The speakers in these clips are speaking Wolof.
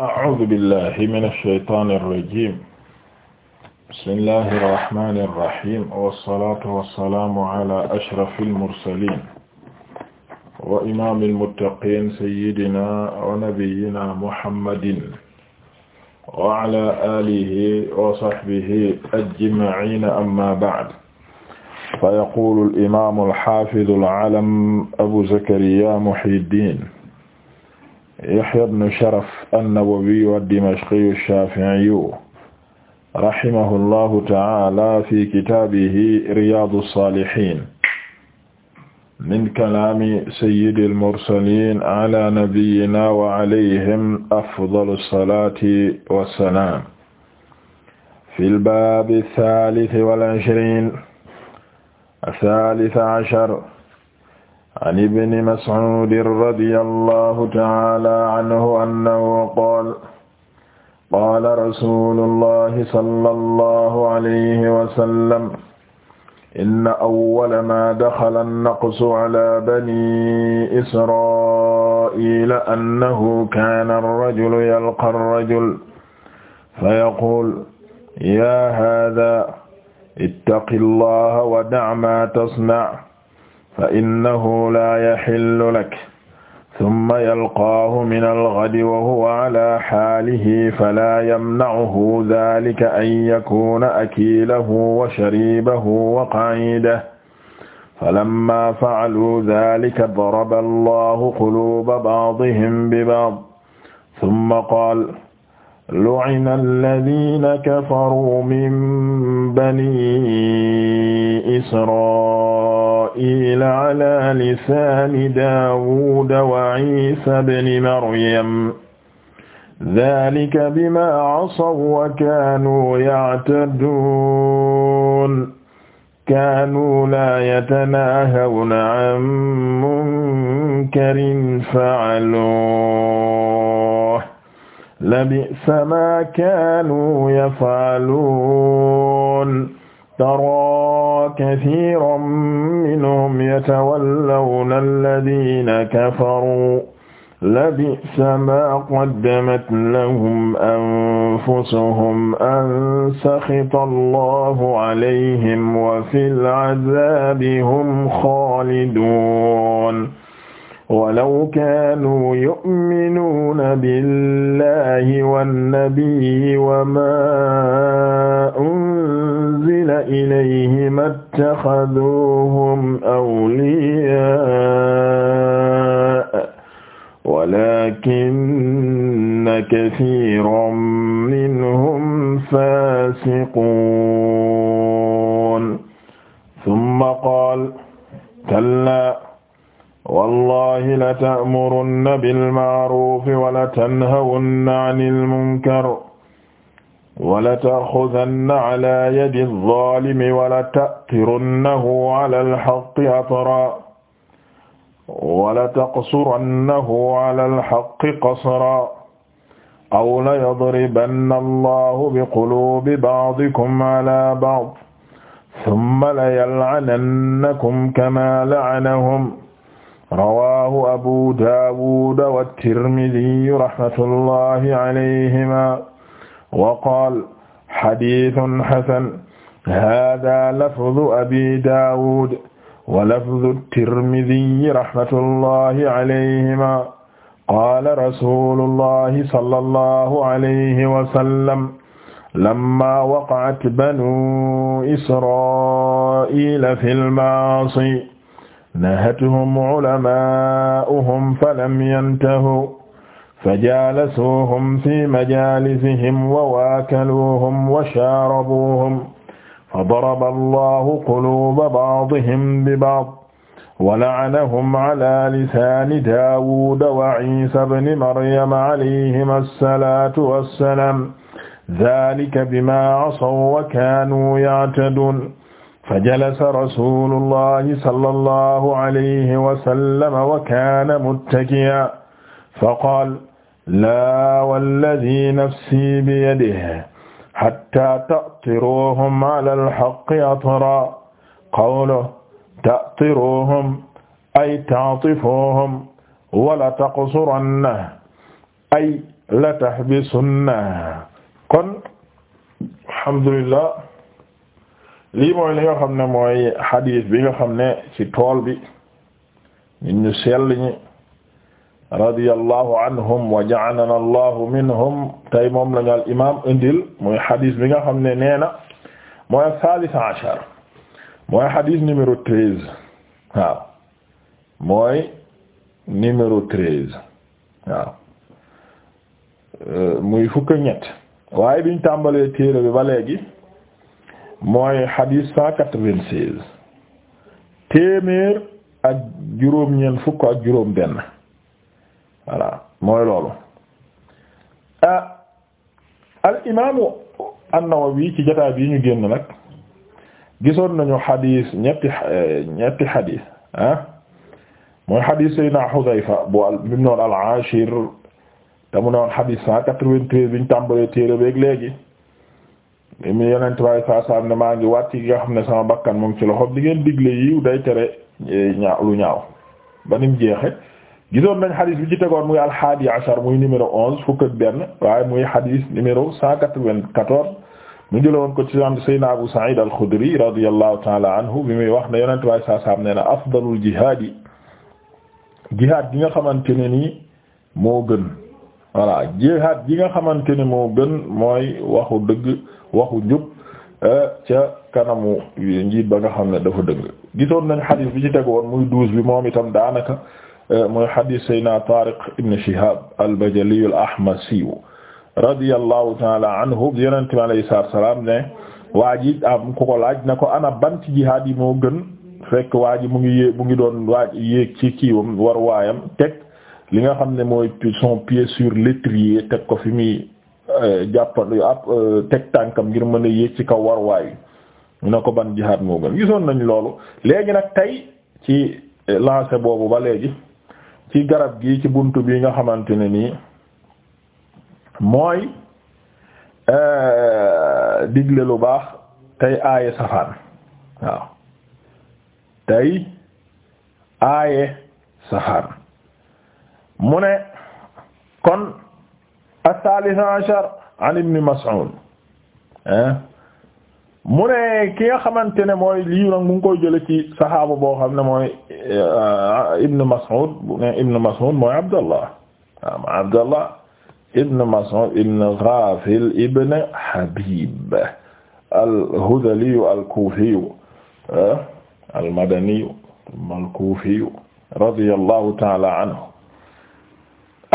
أعوذ بالله من الشيطان الرجيم بسم الله الرحمن الرحيم والصلاة والسلام على أشرف المرسلين وإمام المتقين سيدنا ونبينا محمد وعلى آله وصحبه أجمعين أما بعد فيقول الإمام الحافظ العلم أبو زكريا محي الدين Yahya ibn Sharaf an-Nawawi ad-Dimashqi ash-Shafi'i rahimahullahu ta'ala fi kitaabihi Riyaadu s-Saalihiin min kalaami sayyidil mursaliin ala nabiyyinaa wa alayhim afdalu s-salaati wa s-salaam fil baabi ath-thaalith wal ishriin ath-thaalith ashar an ibni mas'uudin radiyallahu ta'aala anhu annahu qaala qaala rasuulullahi sallallahu alayhi wa sallam inna awwala maa daxala an-naqsu alaa banii israa'iila annahu kaana ar-rajulu yalqaa ar-rajula fayaquulu yaa haadhaa ittaqi llaaha wa dac maa tasnac fa innahu laa yaxillu lak summa yalqaahu min alghadi wa huwa ala xaalihi falaa yamnacuhu daalika an yakuuna akiilahu wa shariibahu wa qaciidahu falammaa facaluu daalika daraba allahu quluuba bacdihim bibacd summa qaala lu'ina alladhina kafaru min bani isra'ila ala lisani daawuda wa isa ibni maryam dhalika bima 'asaw wa kaanu ya'taduun kaanu laa yatanaahawna 'an munkarin fa'aluuhu labi'sa ma kaanu yaf'aluun taraa kathiiran minhum yatawallawna alladhiina kafaruu labi'sa ma qaddamat lahum anfusuhum an sakhita allahu alayhim wa fil 'adhaabi hum khaaliduun walaw kaanu yu'minuuna billahi wannabiyyi wamaa unzila ilayhi mattaxaduuhum awliyaa walaakinna kasiiran minhum faasiquun summa qaala kallaa wallahi la ta'murunna bil ma'ruf wa la tanhawunna 'anil munkar wa la ta'khudhanna 'ala yadi adh-dhalimi wa la ta'tirunnahu 'ala al-haqqi atra wa la taqsurannahu 'ala al-haqqi qasra aw la yadribanna Allahu bi quluubi ba'dikum 'ala ba'd thumma la yal'anannakum kama la'anahum rawaahu abu daawuda wa tirmidiyu rahmatullahi alayhima wa qaala hadiisun hasan haaza lafzu abi daawuda wa lafzu tirmidiyi rahmatullahi alayhima qaala rasuulullahi sallallahu alayhi wa sallam lammaa waqa'at banuu israa'iila fil maasi nahatuhum ulama'uhum falam yantahu fajalasuhum fi majalisihim wa waakaluhum wa shaarabuhum fadaraba allahu quluuba ba'dihim bi ba'd wa la'anahum ala lisaani daawuuda wa ciisa bni maryama alayhima assalaatu wassalaam zaalika bimaa casaw wa kaanuu ya'taduun fajalasa rasulullahi sallallahu alayhi wa sallam wa kaana muttaki'an faqaala laa walladii nafsii biyadihi hattaa ta'tiruuhum alal haqqi atran qawluhu ta'tiruuhum ay ta'tifuuhum wa lataqsurannahu ay latahbisunnahu kon alhamdulillah lii mooy li nga xam ne mooy xadiis bi nga xam ne ci tool bi nit ñu sell ñi anhum wa ja'alana allahu minhum tey moom lañu al imaam mooy xadiis bi nga xam ne nee na mooy salis achar mooy xadiis numéro treize waaw mooy numéro treize waaw euh, muy fukk ñett waaye biñ tàmbalee téere bi ba léegi mooy xadiis cent quatre-vingt-seize téeméer ak juróom-ñeent fukk ak juróom-benn voilà mooy loolu ah al imaamu an-Nawawi ci jotaay bii ñu génn nag gisoon nañu xadiis ñetti ñetti xadiis ah mooy xadiis Seydina Xudayfa bu al bi mu noon al-ashir te mu ne woon cent quatre-vingt-treize bi ñu tàmbalee téere beeg léegi. li mu yeneen tubaab saa saa ne maa ngi wàcc yi nga xam ne sama bakkan moom ci loxoom di ngeen digle yiw day tere eh, ñaaw lu ñaaw ba ni mu jeexe gisoon nañ xadis bi ci tegoon muy alxaadi ashar muy numéro onze fukk ak benn waaye muy xadis numéro cent quatre-vingt-quatorze mu jëlawoon ko ci Seydina Abu Sa'id al-Khudri radiyallahu ta'ala anhu bi muy wax ne yeneen tubaab saa saa ne na afdalul jihaad yi jihaad gi nga xamante ne nii moo gën. voilà jihaad ji nga xamante ne moo gën mooy waxu dëgg waxu njub euh, ca kanamu njiit ba nga xam ne dafa dëgg gisoon nañ xadis bi ci teg woon muy douze bi moom itam daanaka euh, mooy xadis sayna Tariq ibn Shihab al-Bajali al-Ahmasi radiyallahu taala anhu yonente bi alayhi waa ji am laaj na ko ana ban ci jihaad yi moo gën fekk waa ji mu ngi yée mu ngi doon waaj yéeg ci kiiwam war waayam teg li nga xam ne mooy son pied sur l'étrier teg ko fi muy euh, jàppan ab euh, teg tànkam ngir mën a yéeg ci kaw war waayu ñu ko ban jixaat moo gën gisoon nañ loolu léegi nag tey ci euh, lancé boobu ba léegi ci garab gi ci bunt bi nga xamante ne nii mooy digle lu baax tey aaye safaan waaw tey aaye safaan mu ne kon athalitha ashar an ibn Mas'ud mu ne ki nga xamante ne mooy lii nag mu ngi koy jële ci saxaaba boo xam ne mooy euh, ibn Mas'ud bu ne ibn Mas'ud mooy Abdallah waaw Abdallah ibn Mas'ud ibn Ghafil ibn Habib al-Hudhali al-Kufi al-Madani al-Kufi radiyallahu ta'ala anhu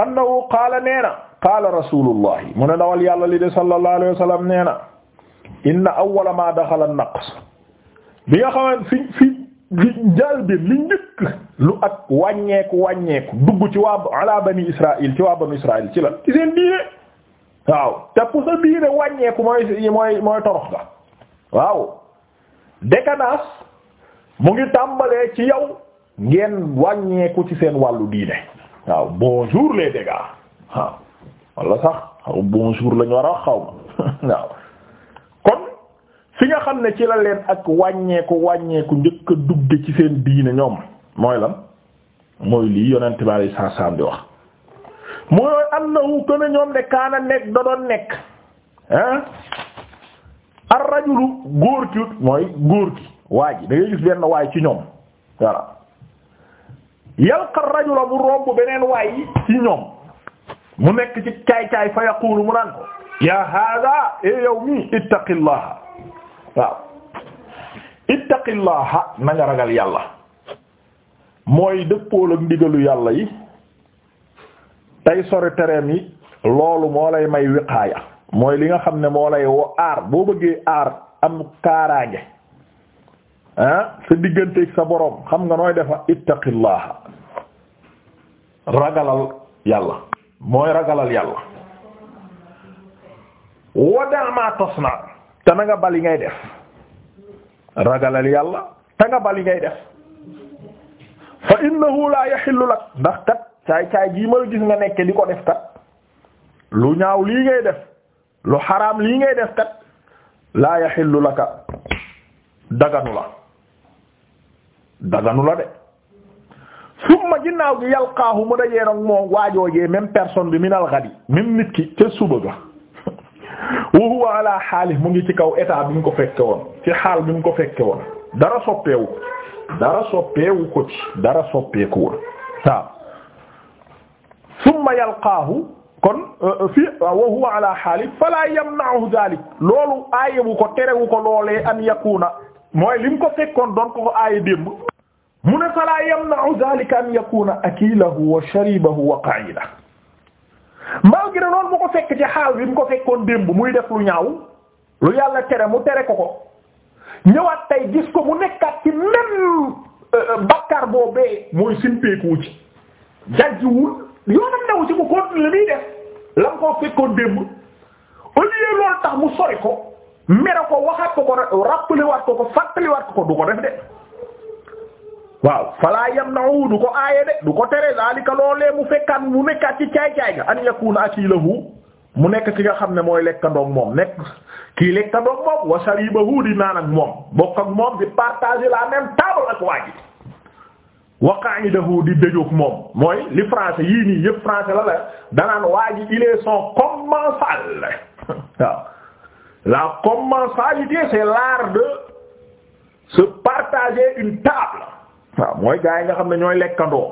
annahu qaala nee na qaala mu ne dawal yàlla li de sallallahu alayhi wa sallam nee na inna awwala ma daxala bi nga xaman fi fi li jaal bi li njëkk lu ak wàññeeku wàññeeku dugg ci waa ala bani israil ci waa banu israil ci lan ci seen diine waaw te pour sa diine wàññeeku mooy mooy torox la waaw décadence mu ngi tàmbalee ci yow ngeen wàññeeku ci seen wàllu diine waaw bonjour les dégâts waaw wala sax xaw bonjour la war a wax xaw ma waaw kon fi nga xam ne ci la leen ak wàññeeku wàññeeku njëkk a dugge ci seen diine ñoom mooy la mooy lii yonent bi alayhi salaam di wax mooy annahu kana ñoom de kaana nekk da doon nekk ah ar rajulu góor ki mooy góor ki waa ji da gis benn waay ci ñoom voilà yalqa rajula bu romb beneen waay yi ci ñoom mu nekk ci caay-caay fa yaqulu mu naan ko ya hada e yow mi waaw ittaqillaha na ragal yàlla mooy dëppool ak ndigalu yàlla yi tey sori tereem yi loolu moo lay may wiqaaya mooy li nga xam ne moo lay aar boo bëggee aar am kaaraange ah diggante digganteeg sa boroom xam nga nooy defa ittaqillaha ragalal yàlla mooy ragalal yàlla wada ma tasna te na nga bali ngay def ragalal yàlla te nga bali ngay def fa innahu la yaxillu lak ndax kat caay caay jii ma gis nga nekk di ko def kat lu ñaaw lii ngay def lu xaraam lii ngay def kat la yaxillu laka daganu la daganu la de summa ginnaaw gi yalqaahu mu dajee nag moom waajoojee même personne bi minal ghadi même nit ki ca suba ga wa huwa ala xaalis mu ngi ci kaw état bi mu ko fekke woon ci xaal bi mu ko fekke woon dara soppeewu dara soppeewu ko ci dara soppeeku woon waaw summa yalqaahu kon euh, euh, fii wa huwa ala xaalis fala yamna'uhu dalik loolu aayewu ko terewu ko loolee an yakuna mooy lim ko fekkoon doon ko ko aaye démb mu ne falaa yamna'u zaalika an yakuna akiilahu wa sharibahu wa qa'idahu malgré loolu mu ko fekk ci xaal bi mu ko fekkoon démb muy def lu ñaaw lu yàlla tere mu tere ko ko ñëwaat tey gis ko mu nekkaat ci même euh, bakkaar boobee mooy simpeeku ci jajjiwul yoonam new ci mu continuer muy def la mu ko fekkoon démb au lieu loolu tax mu sori ko mere ko waxaat ko ko rappeliwaat ko ko fàttaliwaat ko ko du ko def de waaw falaa yamna'u du ko aaye de du ko tere zalika loolee mu fekkaat mu nekkaat ci caay caay nga an yakuna akilahu mu nekk ki nga xam ne mooy lekkandoog moom nekk kii lekkandoog moom wa sharibahu di naan ak moom bokk ak moom di partager la même table ak waa ji wa qa'idahu di dëjoog moom mooy li français yii nii yëpp français la la danaan waa ji il est son commensal waaw la commensalité c'est l'art se partager une table waaw mooy gaa yi nga xam ne ñooy lekkandoo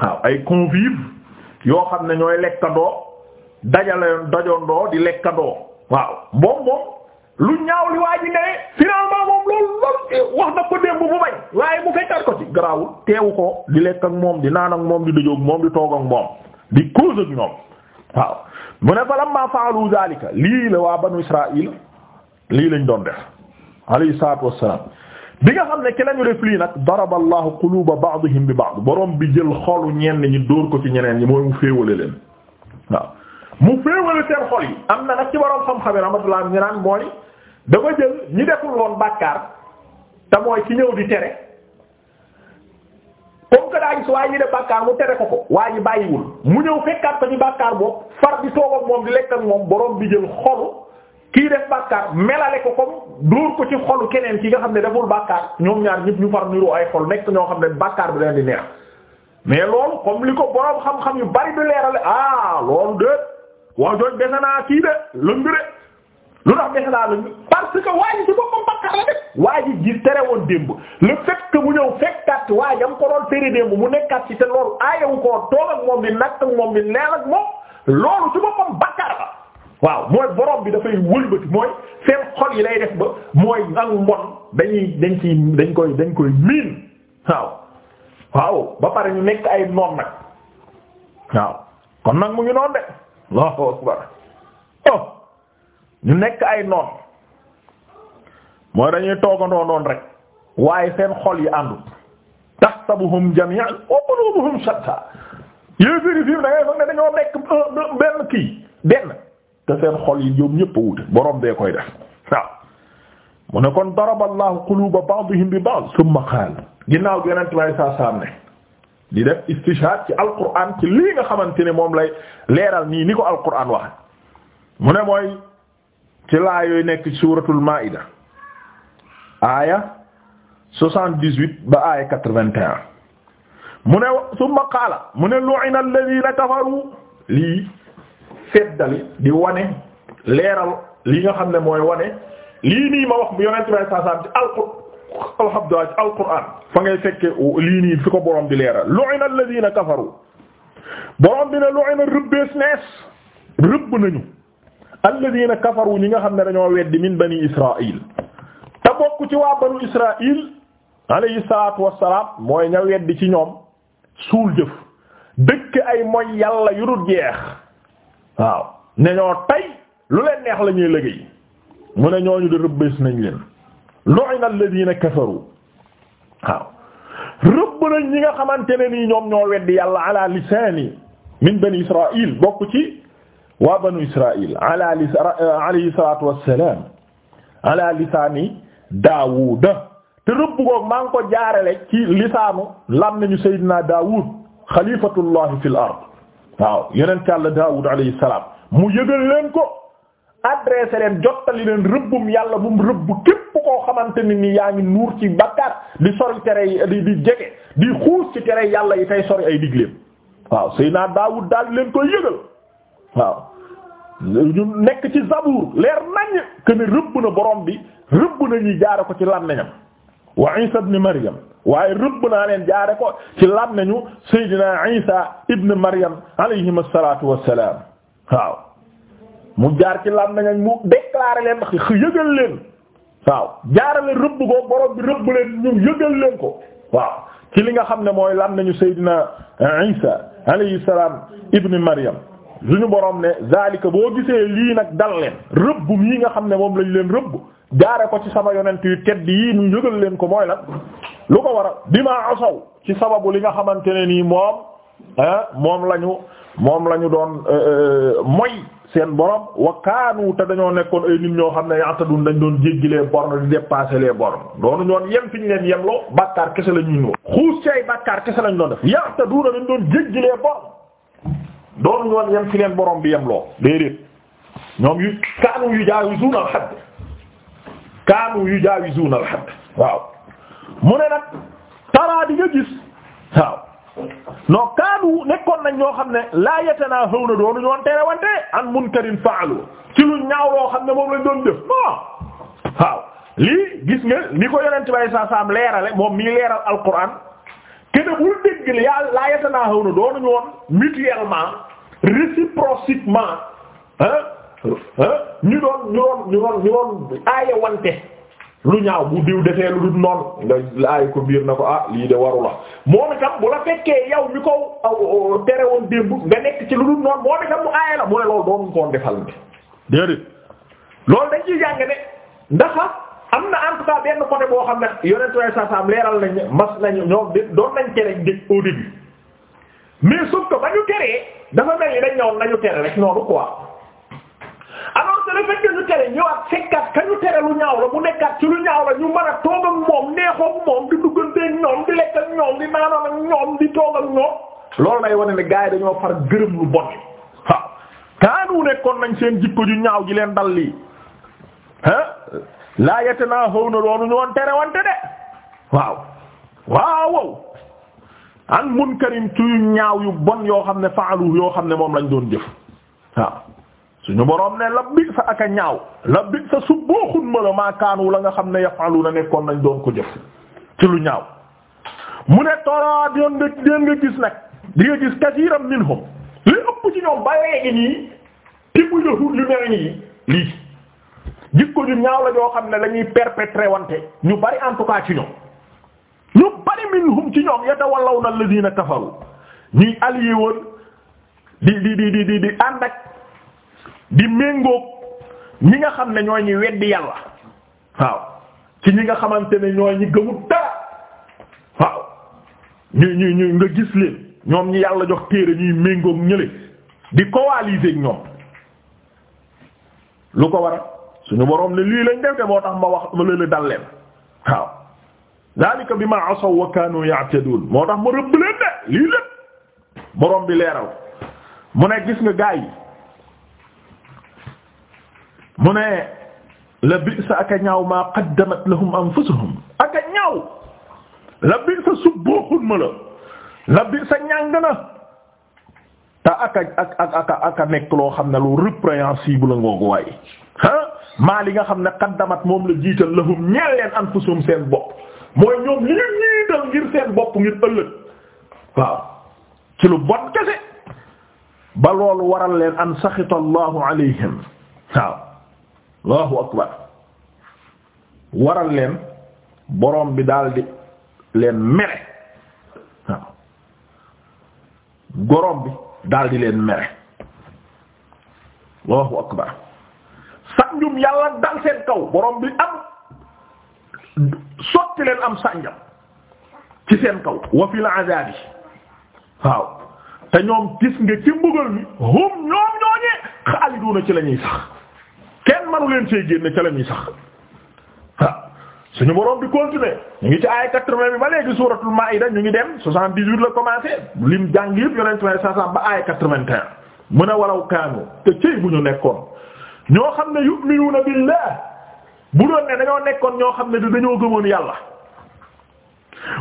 waaw ay convive yoo xam ne ñooy lekkandoo dajale dajondoo di lekkandoo waaw moom moom lu ñaaw li waa ji ne finalement moom loolu loolu wax na ko démb bu bañ waaye mu fekkaat ko ci garaawul teewu ko di lekk moom di naan moom di dëjoog moom di toog ak moom di cause ak ñoom waaw mu ne falamma faalu zalika lii la waa banu israil lii lañ doon def alayhi salaatu wassalaam bi nga xam ne ki lañu def nag nag daraba allahu quluba ba'dihim bi ba'd borom bi jël xolu ñenn ñi dóor ko ci ñeneen ñi mooy mu féewale leen waaw mu féewale seen xol yi am na nag ci borom xam-xam yi rahmatullah ñu naan mooy da jël ñi deful woon bàkkaar te mooy ci ñëw di tere comme que daa gis waaye ñi def bàkkaar mu tere ko ko waaye ñu bàyyiwul mu ñëw fekkaat ko ci bàkkaar boobu far di toog moom di lekk moom borom bi jël xolu kii def bàkkaar melale ko comme dóor ko ci xolu keneen ki nga xam ne deful bàkkaar ñoom ñaar ñëpp ñu far niroo ay xol nekk ñoo xam ne bàkkaar bi leen di neex mais loolu comme li ko boroom xam-xam bari du leerale ah loolu de waaw jooju dese naa kii de lëng de lu ji ci woon démb le fait que mu ñëw fekkat ko doon tere démb mu nekkat ci te loolu aayewu koo toog ak moom di natt ak moom bàkkaar la. waaw mooy borom bi dafay wëlbati mooy seen xol yi lay def ba mooy ak mbon dañuy dañ ci dañ koy dañ koy miin waaw waaw ba pare ñu nekk ay noon nag waaw kon nag mu ngi noon de Allahu akbar oh ñu nekk ay noon mooy dañuy toogandoo noon rek waaye seen xol yi àndu tahsabuhum jami'an wa qulubuhum shatta yéeféri fiim da ngay foog nekk benn kii benn te seen xol yi ñoom ñëpp a wute borom bee koy def mu ne kon daraba allahu quluba ba'dihim bi ba'd thumma qaala ginnaaw gi yonent lay saam ne di def istishhad ci alquran ci lii nga xamante ne moom lay leeral nii ni ko alquran wax mu ne mooy ci laa yooyu nekk ci suuratul maa'ida aaya soixante-dix-huit ba aaya quatre-vingt-un mu ne summa qaala mu ne lu'ina alladhina kafaru lii feddali di wane leeral li nga xam ne mooy wane lii nii ma wax bu yonent bay saasaam ci alqur alhamdulilah ci alquran fa ngay fekke lii nii fi ko borom di leeral lu'ina alladhina kafaru borom bi ne lu'ina rëbbees nees rëbb nañu alladhina kafaru li nga xam ne dañoo weddi min bani israil te bokk ci waa banu israil alayhi salaatu wassalaam mooy ña weddi ci ñoom suul jëf dëkk ay moy yàlla yu dul jeex waaw ne ñoo tey lu leen neex la ñuy liggéey mu ne ñooñu di rëbbës nañ leen lu'ina alladhina kafaru waaw rëbb nañ ñi nga xamante ne nii ñoom ñoo weddi yàlla ala lisaani min bani israil bokk ci waa banu israil ala alayhi salatu wassalam ala lisaani daawuda te rëbb goog maa ngi ko jaarale ci lisaanu lam nañu sayyidina daawud xalifatullahi fil ard waaw yeneen yàlla Daawud alayhi salaam mu yëgal leen ko adressé leen jottali leen rëbbum yàlla bu mu rëbb képp koo xamante ni ni yaa ngi nuur ci bakkaar di sori tere di di jege di xuus ci tere yàlla yi tey sori ay digleem waaw naa Daawud daal leen koy yëgal waaw ñu nekk ci Zabuur leer nañ que rëbb na borom bi rëbb na ñuy jaare ko ci làmmiñam wa Isa ibn Maryam waaye rëbb naa leen jaare ko ci lam nañu Seydina Isa ibn Maryam alayhim asalatu wassalam waaw mu jaar ci lam nañu mu déclaré leen yëgal leen waaw jaarale rëbb ko borom bi rëbb leen ñu yëgal leen ko waaw ci li nga xam ne mooy lam nañu Seydina Isa alayhi salaam ibn Maryam suñu borom ne zalika boo gisee lii nag dal leen rëbb mii nga xam ne moom lañ leen rëbb jaare ko ci sama yonent yu tedd yii ñu yëgal leen ko mooy la lu ko waral ma asaw ci sababu li nga xamante ne nii moom moom lañu moom lañu ñu doon euh, euh, moy seen borom wa kaanu te dañoo nekkoon ay nit ñoo xam ne yaatadun dañ doon jéggi les bornes di dépasser les bornes doonu ñoon yem fi ñu leen yemloo bàkkaar kese la ñuy ñëw xuus lañ doon def yaataduna dañ doon jéggi les bornes doonu ñoon yem fi leen borom bi yemloo déedéet ñoom yu kaanu yu jaawizuuna al hadd kaanu yujaawizuna al-hadd waaw mu ne nag taraa di nga gis waaw non kaanu nekkoon nañ ñoo xam ne laa yatanaahawna doonu ñoon tere wante an munkarin fa'alu ci lu ñaaw loo xam ne moom lañ doon def non waaw lii gis nga li ko yonent bay saa saam leerale moom mi leeral alquran kene bul dégg yaa laa yatanaahawna doonu ñoon mutuellement réciprociquement hein ñu doon ñu doon ñu doon ñu doon aaya wante lu ñaaw bu diw defee lu dul noonu nga aay ko biir na ko ah lii de warula la moom itam bu la fekkee yow mi ko tere woon démb nga nekk ci lu dul noonu moom itam mu aaya la mu ne loolu doon koon defal ni déedéet loolu dañ ciy jàng ndax am na en tout cas benn côté boo xam ne yonent way sasam leeral nañ mas nañu ñoom di doon nañ tere dëj au début mais sauf que ba ñu teree dafa mel ni dañ ñëwoon nañu tere rek noonu quoi alors que le fait que ñu tere ñëwaat fekkaat ka ñu tere lu ñaaw la mu nekkaat ci lu ñaaw la ñu mën a moom neexoog moom di dugganteeg ñoom di lekk ñoom di naanoon ñoom di toog ñoom loolu lay wane ne gars yi dañoo far gërëm lu bon waaw kaanu nekkoon nañ seen jikko ju ñaaw ji leen dal lii ah laa yette naa xaw na loolu ñu tere wante de waaw waaw an munkarin ci yu ñaaw yu bon yoo xam ne faalu yoo xam ne moom lañ doon jëf waaw suñu boroom ne la bi sa aka ñaaw la bi sa su booxun mala maakaanu la nga xam ne yafalu na nekkoon nañ doon ko jëf ci lu ñaaw mu ne toraat yoon nga déen nga gis nag di nga gis kasiiram minhum li ëpp ci ñoom ba léegi nii nii lii jikko ñaaw la joo xam ne lañuy perpétrer wante ñu bari en tout cas ci ñoom ñu bari minhum ci ñoom yatawallawna alladhina kafaru ñuy allié di di di di di ànd ak di méngook ñi nga xam ne ñooy ñi weddi yàlla waaw ci ñi nga xamante ne ñooy ñi gëmut dara waaw nga gis leen ñoom ñi yàlla jox téere ñuy méngook ñële di coaliser ak ñoom lu ko waral suñu boroom ne lii lañ def de moo tax ma wax ma lëla dal leen waaw zalika bi ma asaw wa kaanu ya'tadun moo tax ma rëbb leen de lii lépp boroom bi leeral mu ne gis nga gaa yi mu ne la bi'sa aka ñaaw maa qaddamat lahum anfusuhum aka ñaaw la bi'sa subbooxun ma la la bi'sa ñàng na te aka aka aka nekk loo xam ne lu répréhensible ngoogu waaye ah maa li nga xam ne qaddamat moom la jiital lahum ñeel leen anfusuhum seen bopp mooy ñoom li ñu jiital ngir seen bopp ngir ëllëg waaw ci lu bon kese ba loolu waral leen an saxita allahu allahu akbar waral leen borom bi daldi leen mere waaw gorom bi daldi leen mere allahu akbar sànjum yàlla dal seen kaw borom bi am sotti leen am sànjam ci seen kaw wa fil azabi waaw te ñoom gis nga ci mbugal mi hum ñoom ñooñee xaaliduna ci lañuy sax kenn manu leen see génne ca la ñuy sax suñu borom bi continuer ñu ngi ci ay quatre-vingt bi ba léegi suuratul Maa'ida ñu ngi dem soixante-dix-huit la commencé lim jàng yëpp yonent may sasam ba ay quatre vingt a mu ne walaw te cëy bu ñu nekkoon ñoo xam ne yu'minuuna billah bu doon ne dañoo nekkoon ñoo xam ne di dañoo gëmoon yàlla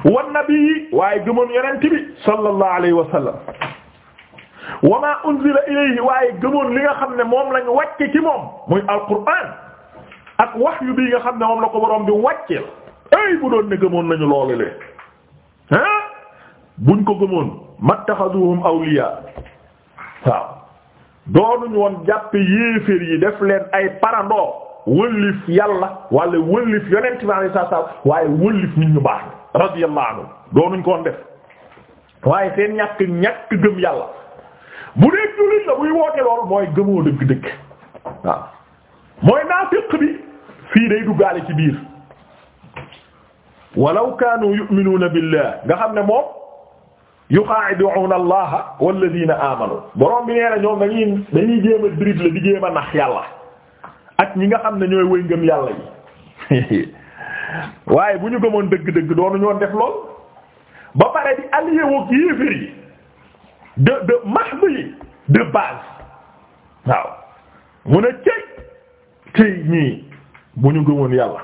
wan nabi waaye gëmoon yonent bi sallallahu alay wa wa maa unzila waaye gëmoon li nga xam ne moom lañ wàcce ci moom muy alquran ak wahyu bii nga xam ne moom la ko borom bi wàcceel ay bu doon ne gëmoon nañu loolu le buñ ko gëmoon mattaxaduhum awliya waaw doonuñu woon jàppe yéeféer yi def leen ay parandoo wëllif yàlla wala wëllif yonent bi waaye wëllif nit ñu baax radiyallahu anhu doonuñ ko woon def waaye seen ñàkk ñàkk gëm yàlla bu dee jullit la buy woote lool mooy gëmoo dëgg-dëgg waaw mooy naafiq bi fii day duggaale ci biir walla kaanu yu'minuuna nga xam ne moom yuqaa'iduuna allaha walladina amanu borom bi nee na ñoom dañuy dañuy a dribble di jéem a yàlla ak ñi nga xam ne ñooy wëy ngëm yàlla waaye bu ñu gëmoon dëgg-dëgg doonu ñoon def lool ba pare di allié woog yi de de mahdu yi waaw mu cëy cëy ñii bu ñu gëmoon yàlla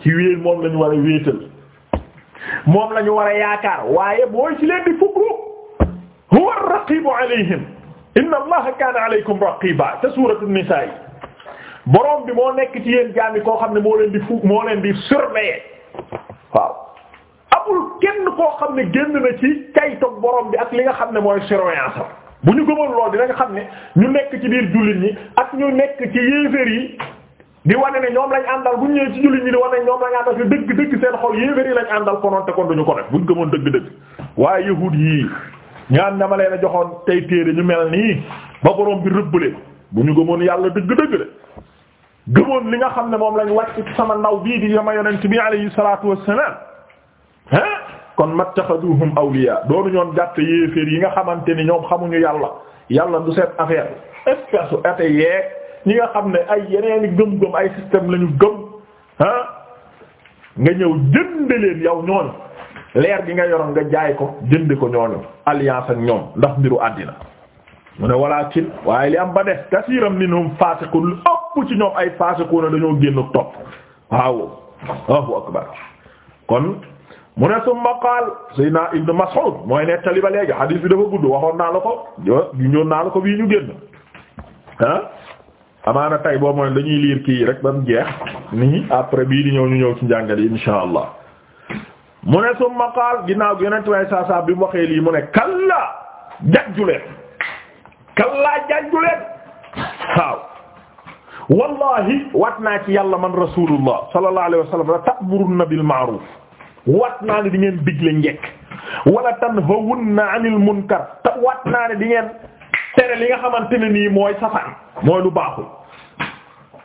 ci wéer moom lañu war a wéetal moom lañu war a yaakaar waaye booy ci leen di fukru huwa ar-raqibu alayhim inna allaha kaana alaykum raqiba te suuratu nisaa yi borom bi moo nekk ci yéen jaami koo xam ne moo leen di fu moo leen di surveiller waaw amul kenn koo xam ne génn na ci caytoog borom bi ak li nga xam ne mooy surveillance bu ñu gëmoon lool dinañ xam ne ñu nekk ci biir jullit ñi ak ñu nekk ci yéeféer yi di wane ne ñoom lañ àndal bu ñu ñëwee ci jullit ñi di wane ne ñoom lañ àndal te dëgg dëgg seen xol yéeféer yi lañ àndal konoon te kon duñu ko def bu ñu gëmoon dëgg dëgg waaye yahuud yii ñaan dama leen a joxoon tey téere ñu mel nii ba borom bi rëbbale bu ñu gëmoon yàlla dëgg dëgg de gëmoon li nga xam ne moom lañ wàcc ci sama ndaw bii di sama yonent bi alayhi salaatu wassalaam ah kon mattaxaduhum awliya doonu ñoon gàtt yéeféer yi nga xamante ni ñoom xamuñu yàlla yàlla du seen affaire espèce u ate ñi nga xam ne ay yeneen gëm-gëm ay système lañu gëm ah nga ñëw jënd leen yow ñooñu leer gi nga yoroon nga jaay ko jënd ko ñooñu alliance ak ñoom ndax mbiru àddina mu ne walaakin waaye li am ba def kasiiram minhum faasiqun lu ëpp ci ñoom ay faasiquna dañoo génn topp waaw Allahu akbar kon mu ne summa qaal Seydina Ibn Mas'ud mooy nettali ba léegi hadith bi dafa gudd waxoon naa la ko ñëw naa la ko bii ñu génn ah amaana tay boobu mooy dañuy liir kii rek ba mu jeex nii après bii di ñëw ñu ñëw ci njàngat yi insha allah mu qaal ginnaaw gi yonent way saa bi mu waxee lii mu ne kalla jajjuleen kalla jajjuleen waaw wallahi wat naa ci yàlla man rasulullah sallallahu alayhi wa sallam la ta'muruna bil ma'ruf waat naa ne di ngeen digle njekk wala tanhawunna 'anil munkar te waat naa tere li nga xamante ne nii mooy safaan mooy lu baaxul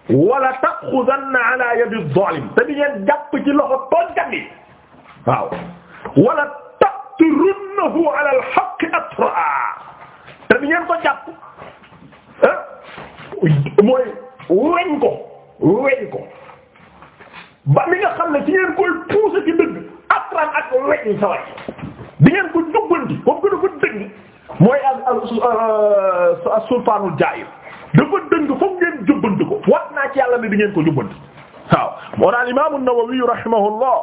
wala ta'khudanna 'ala yadi adh-dhalim te di ngeen loxo tooñkat bi waaw wala taqturunnahu 'ala al-haqqi atra ko jàpp ah mooy weñ ba mi nga xam ne ci ngeen koy pousser ci dëgg atran ak weñ sa way di ngeen ko jubbanti comme que dafa dëng mooy ak euh, sultaanul jaayir dafa dëng foog ngeen jubbanti ko wat naa ci yàlla ne di ngeen ko jubbanti waaw moo naan imaamu Nawawi rahimahullah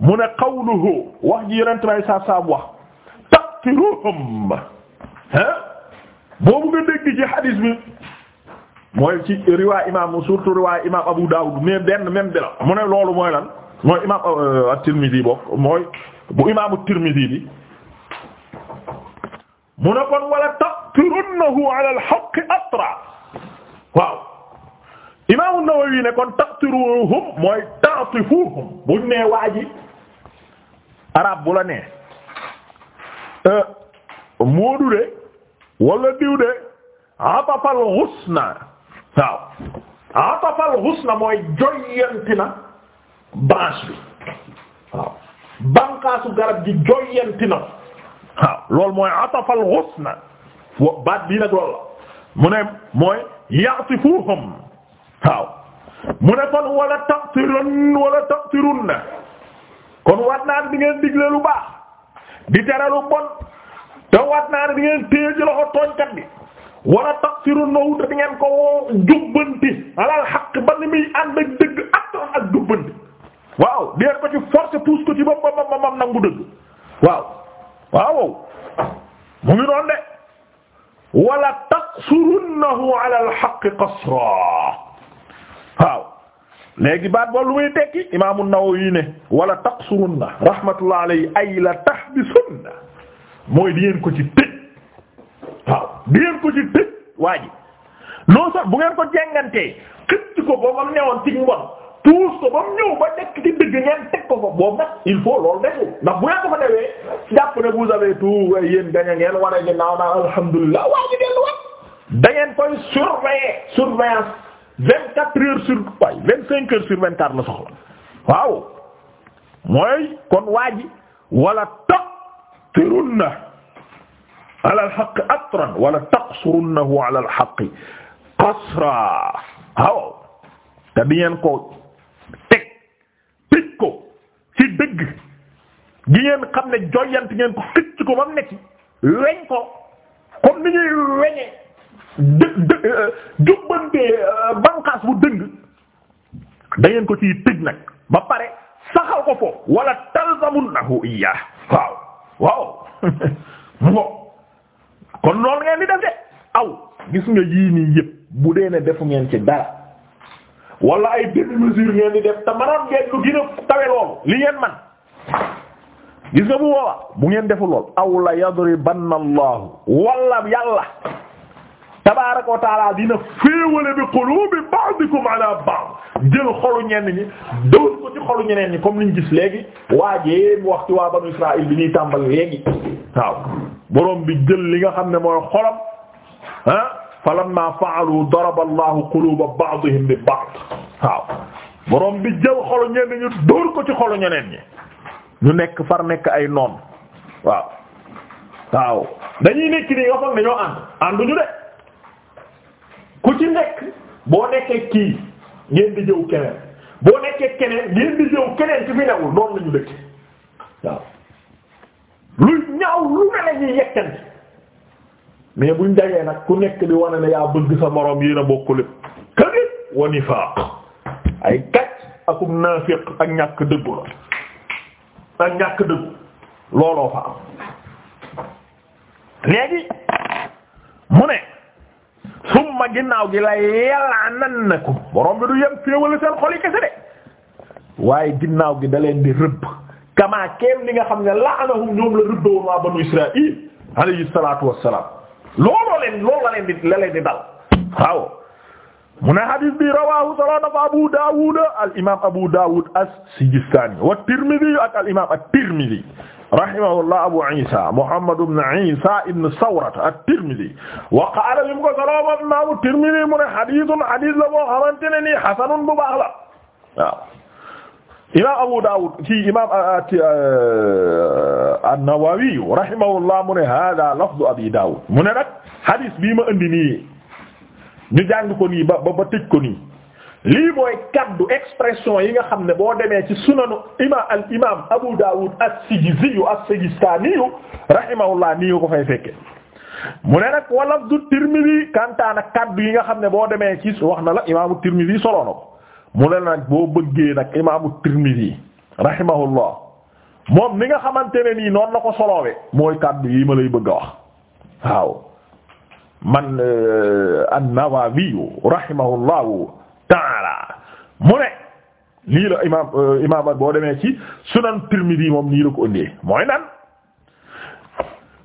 mu ne qawluhu wax ji yonent bay sa saab wax takfiruhum ha boobu nga dégg ci hadith bi mooy ci riwaay imaam surtout riwaay imaam Abu Dawud mais mu ne loolu mooy lan mooy imaam euh, euh, at-Tirmidhi bokk mooy bu imaamu Tirmidhi bi mu ne kon wala taqtirunnahu ala al atra waaw imaamu Nawawi ne kon taqtiruhum mooy ta'tifuhum buñ nee waa ji bu la nee euh, Moodu de wala diw de atafal waaw atafal ghusna mooy joyanti na branche bi waaw banqaasu garab gi joyanti na waaw loolu mooy atafal ghusna wa baat bii nag loolu la mu ne mooy waaw mu ne kon wala taqtirun wala taqtirun na kon waat naa di ngeen digle lu baax di tere lu bon te waat naa di ngeen téye ci loxo tooñkat bi wala taqsiru ko jubbanti alal ba ni muy ànd ak waaw di ngeen ko ci force pousse wala taqsurunnahu ala al ay la tahbisunna mooy di ngeen ko ci tëj di ngeen ko ci tëj waa ji non bu ngeen ko jengantee xëcc ko ba mu newoon ci mbon tuus ko ba mu ñëw ba nekk ci digg ngeen teg ko ko boobu nag il faut loolu defu ndax bu ngeen ko fa defee jàpp ne vous avez tout waaye yéen gañ a ngeen war naa alhamdulilah waa ji delluwaat da ngeen koy surveiller surveillance vingt quatre heures sur waaye vingt cinq heures sur la soxla waaw mooy kon waa wala toq tirun na ala alxaqi atran wala taqsurunnahu ala alxaqi qasra waaw te ko teg tëj ko ci ngeen xam ne joyant ngeen ko xëcc ko ba mu ko comme jubbante banqaas bu dëng da ngeen ko ciy tëj nag ba pare saxal ko foofu wala talzamunnahu iyyah waaw waaw mu ngo kon loolu ngeen di def de aw gis nga yii nii yëpp bu dee ne defu ngeen ci dara wala ay demi-mesure ngeen di def te manoon ngeen lu gën a tawe loolu li ngeen man gis nga bu boobaa bu ngeen defu lool aw la yadribanna allahu wala yàlla tabaaraka wa taala dina féewale bi qulubi ba'dikum ala ba'd jël xolu ñenn ñi dóor ko ci xolu ñeneen ñi comme niñ gis léegi waajee mu wax ci waa banu israil bi ñuy tàmbal léegi waaw borom bi jël li nga xam ne mooy xolam ah falamma fa'alu daraba Allahu quluba ba'dihim bi ba'd waaw borom bi jël xolu ñenn ñu dóor ko ci xolu ñeneen ñi ñu nekk far nekk ay noon waaw waaw dañuy nekk nii nga foog ne ñoo ànd ànduñu de ku ci nekk boo nekkee kii ngeen di jëw keneen boo nekkee keneen ngeen di jëw keneen ci fi newul noonu lañu dëkk waaw lu ñaaw lu ne la ñuy yekkante mais buñ dajee nag ku nekk di wane ne yaa bëgg sa moroom yéen a bokk lépp kadib wa nifaaq ay kacc akum naafiq ak ñàkk dëggu la ak ñàkk dëggu looloo fa am léegi mu ne summa ginnaaw gi la yal'anannakum borom bi du yem féewale seen xol yi kese de waaye ginnaaw gi da leen di rëbb kamaa keem li nga xam ne la'anahum ñoom la rëddoon waa banu Israa'il alayhi salaatu wassalaam looloo leen loolu la leen di la leen di dal waaw mu ne hadis bi rawahu solo na ko Abu Dawud al imaam Abu Dawud as-Sijistani wa Tirmidhi ak al imaam at-Tirmidhi rahimahullah Abu Isa Muhammad ibn Isa ibn Sawrata at-Tirmidhi wa qaala lim ko solo moom imaamu Tirmidhi mu ne hadisun hadis la boo xamante ne nii hasanun bu baax la waaw. imaam Abu Dawud ci imaam an-Nawawi rahimahullah mu ne hada lafdu Abi Dawud mu ne nag hadis bii ma andi nii ñu jàng ko nii ba ba tëj ko nii lii mooy kaddu expression yi nga xam ne boo demee ci sunanu imaam al imaam Abu Dawud as-Sijizi as-Sijistani rahimahullah nii ko fay fekke mu ne nag wa lafdu Tirmidhi kantaan ak kaddu yi nga xam ne boo demee ci wax na la imaamu Tirmidhi solo na ko. mu ne nag boo bëggee nag imaamu Tirmidhi rahimahullah moom ni nga xamante ne nii noonu la ko soloowe mooy kàddu yi ma lay bëgg a wax waaw man euh, an-Nawawi rahimahullahu taala mu ne lii la imaam euh, imaam boo demee ci sunan Tirmidhi moom nii la ko ëndee mooy nan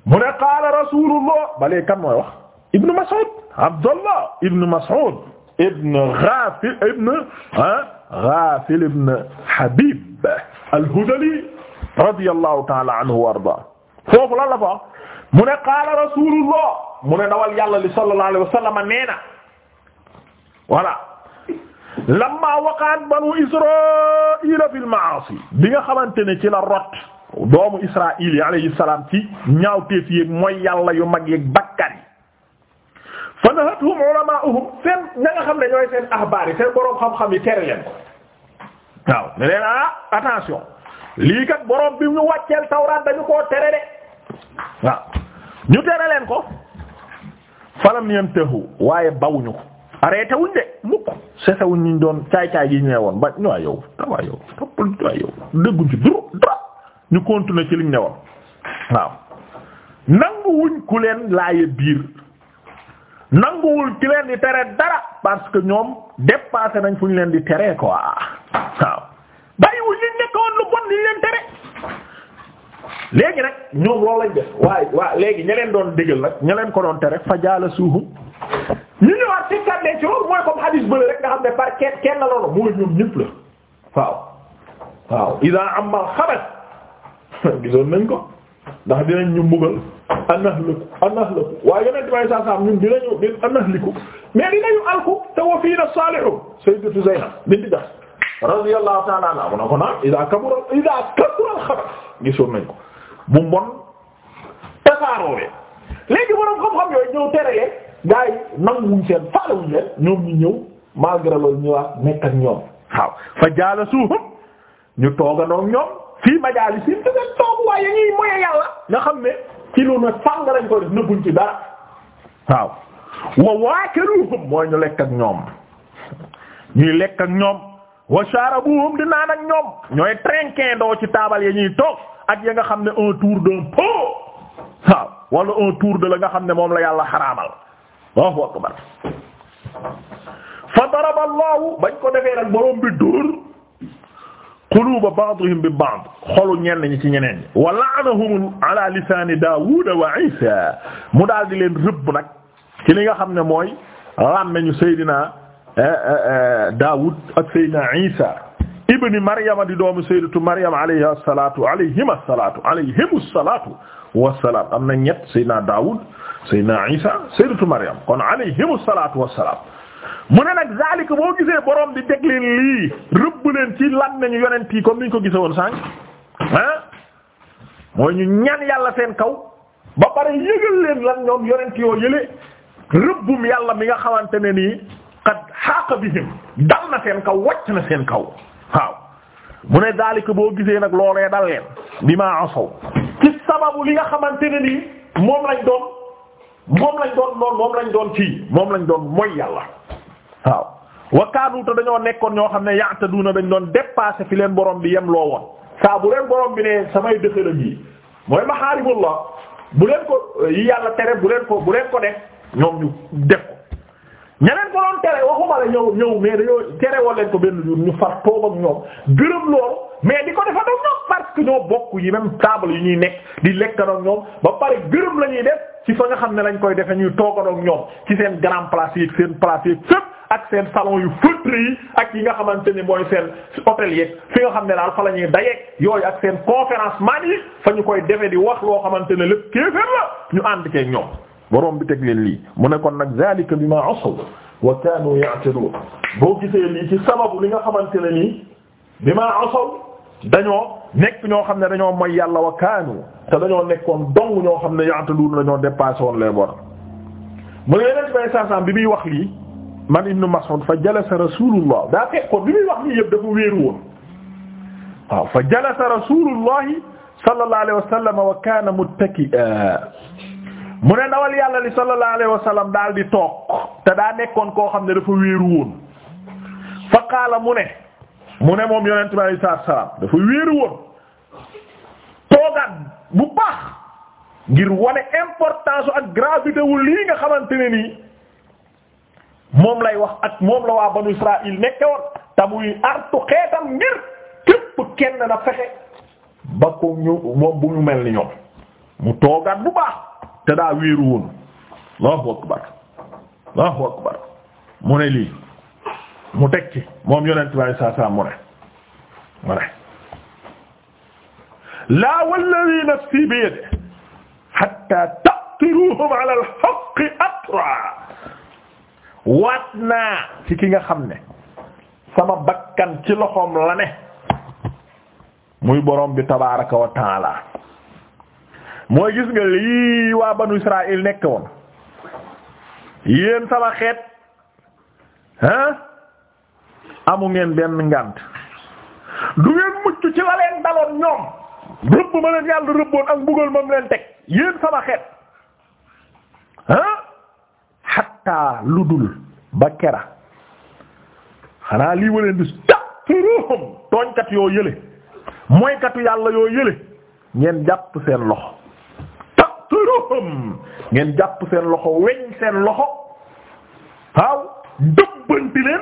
mu ne qaala rasulullah balee kan mooy wax ibnu Mas'ud Abdullah ibnu Mas'ud ibn Ghafil ibn ah Ghafil ibn Habib al-Hudali radiyallahu ta'ala anhu wa arda foofu lan la fa mu ne qaala rasulullah mu ne dawal yàlla li sallallahu alayhi wa sallam nee na voilà lamma waqa'at banu Israa'ila fil ma'aasi bi nga xamante ne ci la rot doomu Israa'il yi alayhi salaam ci ñaawteef yi mooy yàlla yu mag yi bakkan fa nahatuhum ulamaa'uhum seen ña nga xam ne ñooy seen ahbaar yi seen boroom xam-xam yi tere leen ko waaw ah, attention lii kat boroom bi ñu wàcceel tawraat dañu koo tere ñu tere leen ko falam yantahu waaye bawuñu ko arrêté wuñ de mukk sese doon caay caay gi ñu woon ba ñu waa yow tawaa yow toppal ci dur ñu continuer ci liñ ne woon waaw nangu ku leen laaye biir nanguwul ci leen di tere dara parce que ñoom dépassé nañ fu ñu leen di tere ko waaw bàyyiwuñ liñ nekkoon lu bon liñ leen tere léegi nag ñoom loolu lañ def waaye waa léegi ña leen doon déggal nag ña leen ko doon tere fa jaala suuhum ñu ñëwaat ci kàddee ci loolu mooy comme hadis bële rek nga xam ne par kenn kenn la loolu mooy ñoom ñëpp la waaw waaw idaa amal xabat gisoon nañ ko ndax dinañ ñu mbugal anaxliku anaxliku waaye yeneen tubaab yi saa saa ñun dinañu di anaxliku mais dinañu alku te wa fiina saalihu sayyidatu Zaynab binti Jahsh radiyallahu ta'ala ko naan idaa kabura idaa kabura al-xabar gisoon nañ ko bu mbon tasaaroo bee léegi borom xam-xam yooyu ñëw terele gars yi nanguwuñ seen faalewuñ leen ñoom ñu ñëw malgré loolu ñëwaat nekk ak ñoom waaw fa jaalasuuhum ñu toogandoo ak ñoom fii majaalis yi te seen tooguwaay ya ñuy moye yàlla nga xam ne. ci lu na sàng lañ koy def nëbbuñ ci dara waaw wa waakaluhum mooy ñu lekk ak ñoom ñuy lekk ak ñoom wa sharabuhum di naan ak ñoom ñooy trinquin doo ci taabal ya ñuy toog ak ya nga xam ne un tour d'un pot waaw wala un tour de la nga xam ne moom la yàlla xaraabal Allahu akbar fa daraba bañ ko defee rek borom bi dóor quluba ba'dihim bi ba'd xolu ñenn ñi ci ñeneen ñi wa la'anahum ala lisaani Daawud wa Isa mu daal di leen rëbb nag ci li nga xam ne mooy làmmeñu Seydina eh, eh, eh, Daawud ak Seydina Isa ibni Maryama di doomu Sayyidatu Maryam alayhi salaatu alayhima salaatu alayhimu salaatu wa salaam am na ñett Seydina Daawud Seydina Isa Sayyidatu Maryam kon alayhimu salaatu wa salaam mu ne nag zalika boo gisee borom di teg leen lii rëbb leen ci lan nañu yonent yi comme ni ñu ko gisewoon sànq ah mooy ñu ñaan yàlla seen kaw ba pare yëgal leen lan ñoom yonent yoo yële rëbbum yàlla mi nga xamante ne nii qad xaaqa bihim dal na seen kaw wacc na seen kaw waaw mu ne zalika boo gisee nag loolee dal leen bi maa asaw ci sababu li nga xamante ne nii moom lañ doon moom lañ doon moom lañ doon ci moom lañ doon mooy yàlla. waaw wa kaanu te dañoo nekkoon ñoo xam ne ya'taduna dañ doon dépasser fi leen borom bi yem loo woon saa bu leen borom bi ne samay dëxëram yi mooy maxaarimullah bu leen ko yi yàlla tere bu leen ko bu leen ko def ñoom ñu def ñëw ñëw mais dañoo tere woon leen ko benn ñu far toog ak ñoom gërëm loolu mais di ko defa doom ñoom parce que ñoo bokk yi même taabal yi ñuy nekk di lekkandoog ñoom ba pare gërëm la ñuy def ci fa nga xam ne lañ koy defe ñuy toogandoog ñoom ci seen grand place yi seen ak seen salon yu feutré yi ak yi nga xamante ni mooy seen hôtel yeeg fi nga xam ne daal fa la ñuy dayeeg yooyu ak seen conférence man yi fa ñu koy defe di wax loo xamante ne lépp kéeféer la ñu ànd ceeg ñoom borom bi teg leen lii mu ne kon nag zalika bima asaw wa kanu ya'tadun boo gisee lii ci sababu li nga xamante ne nii bima asaw dañoo nekk ñoo xam ne dañoo moy yàlla wa kaanu te dañoo nekkoon dong ñoo xam ne ya'tadun dañoo dépassé woon les bornes mu ne yeneen bay man ibnu Mas'ud fa jalasa rasulullah daa fekkoon li muy wax nii yëpp dafa wéeru woon waaw fa jalasa rasulullah sallallahu alayhi wa sallam kaana euh, mu ne ndawal yàlla li sallallahu alayhi daal di toog te daa nekkoon koo xam ne dafa wéeru woon fa qaala mu ne mu ne moom yonent bi alayhi salaam dafa wéeru woon toogaat bu baax ngir wane importance ak gravité lii nga xamante nii moom lay wax ak moom la waa banu Israël nekke woon te muy artu xeetam ngir képp kenn na fexe ba ko mel ni ñoom mu toogaat bu baax te daa akbar Allahu akbar mu ne lii mu teg ci moom yonent bi saa saa mu ne mu ne laa walladhi nafsi bi yadihi hatta taqtiruhum ala al-haqqi atra waat naa ci ki nga xam ne sama bakkan ci loxoom la ne muy borom bi tabaaraka wa taala mooy gis nga lii waa banu Israël nekk woon yéen sama xeet ah amu ngeen benn ngànt du ngeen mucc ci la leen daloon ñoom rëbb ma leen yàlla rëbboon ak mbugal ma mu leen teg yéen sama xeet ah xattaa lu dul ba kera xanaa lii waleen bis tafiruhum tooñkat yoo yële mooykatu yàlla yoo yële ngeen jàpp seen loxo tafiruhum ngeen jàpp seen loxo weñ seen loxo waaw dëbbanti leen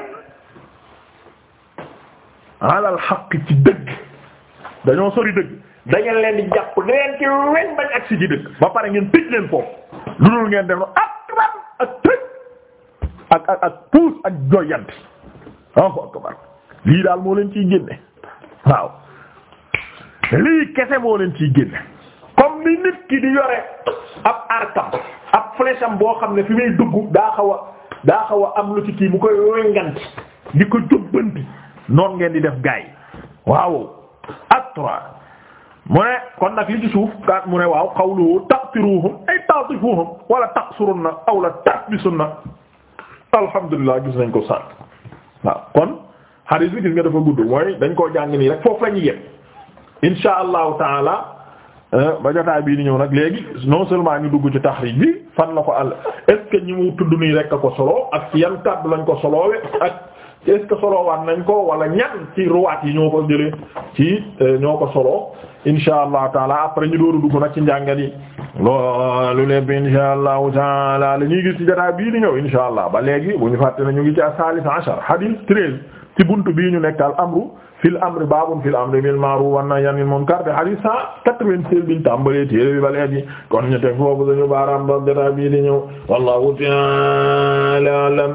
alal xaq ci dëgg dañoo sori dëgg da ngeen leen di jàpp da ngeen ci weñ bañ agsi ci dëgg ba pare ngeen tëj leen foofu lu dul ngeen def ak ram ak tëj ak ak ak ak joyant lii daal moo leen ciy génne waaw lii kese moo leen ciy génne comme ni nit ki di yore ab arkam ab flèche boo xam ne fi may dugg daa xaw a daa xaw am lu ci mu koy wenganti di ko jubbanti noon ngeen di def gaay waaw atra mu ne kon nag li ci suuf kat mu ne waaw xawluhu taqtiruhum ay taqtifuhum wala taqsurunna aw la tasbisunna alhamdulilah gis nañ ko sànq waaw kon hadith bi gis nga dafa gudd mooy dañ koo jàng nii rek foofu la ñuy yem insha allahu taala euh, ba jotaay bii di ñëw nag léegi non seulement ñu dugg ci taxriij bi fan la ko àll est ce tudd nii rek a ko solo ak yan kàddu lañ ko soloowe ak. est-ce que solowaat nañ ko wala ñan ci ruwaat yi ñoo ko jëlee ci euh, ñoo ko solo insha allah taala après ñu dooru dugg nag ci njàngat yi loolu lépp insha allahu taala la ñuy gis ci jotaay bii di ñëw insha allah ba léegi bu ñu fàtte na ñu ngi a as-salis ashar hadith treize ci buntu bii ñu nekk al amru fil amri baabun fil amri bil ma'ruf wan nahyi anil munkar de hadith cent quatre-vingt-seize biñ bi ba léegi kon ñu teg foofu dañu baaraam ba jotaay bii ñëw wallahu taala alam